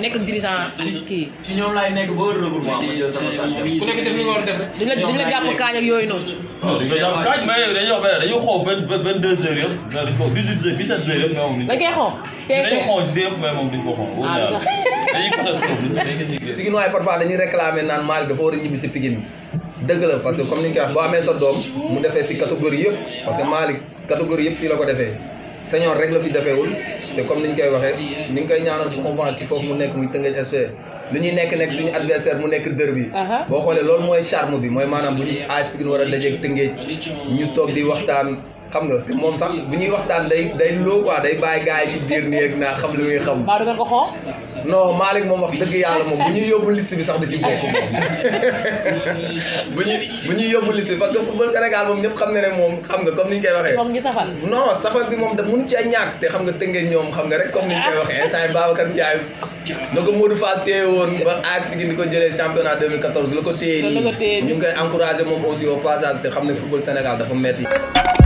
nekk ak dirigeant kii. ci ñoom laay nekk ba heure recours ku nekk def li nga war yooyu noonu. non duñ la jàpp kaañ mais yow dañuy wax ba dañuy xool moom dañu koy xool. tey dañuy xool démb ah, si Pikine bi. que comme ni ñu koy amee sa doom mu defee fi catégorie yëpp parce que Malick catégorie yëpp fii la ko defee señor rek la fi defeewul te comme niñ koy waxee ni nga koy ñaanal convent ci foofu mu nekk muy Tëngéej SV lu ñuy nekk nekk suñu adversaire mu nekk dër bi boo xoolee loolu mooy charme bi mooy maanaam bu ñu AS Pikine war a dajeeg Tëngéej ñu toog di waxtaan xam nga moom sax bu ñuy waxtaan day day loo quoi day bàyyi gars ci biir néeg naa xam li muy xam. maa dugal ko xoo. non Malick moom wax dëgg yàlla moom bu ñuy yóbbu liste bi sax da ci bokk moom bu ñuy bu ñuy yóbbu liste bi parce que football Sénégal moom ñëpp xam na ne moom xam nga comme ni ñu koy waxee. moom ngi safal. bi moom da mënu cee ñàkk te xam nga tënkee ñoom xam nga rek comme ni ñu koy waxee instant yii Babacar Ndiaye. na ko Modou Fall téye woon ba AS Pikine di ko jëlee championnat 2014 la ko téye nii moom aussi au passage te xam ne football Sénégal dafa metti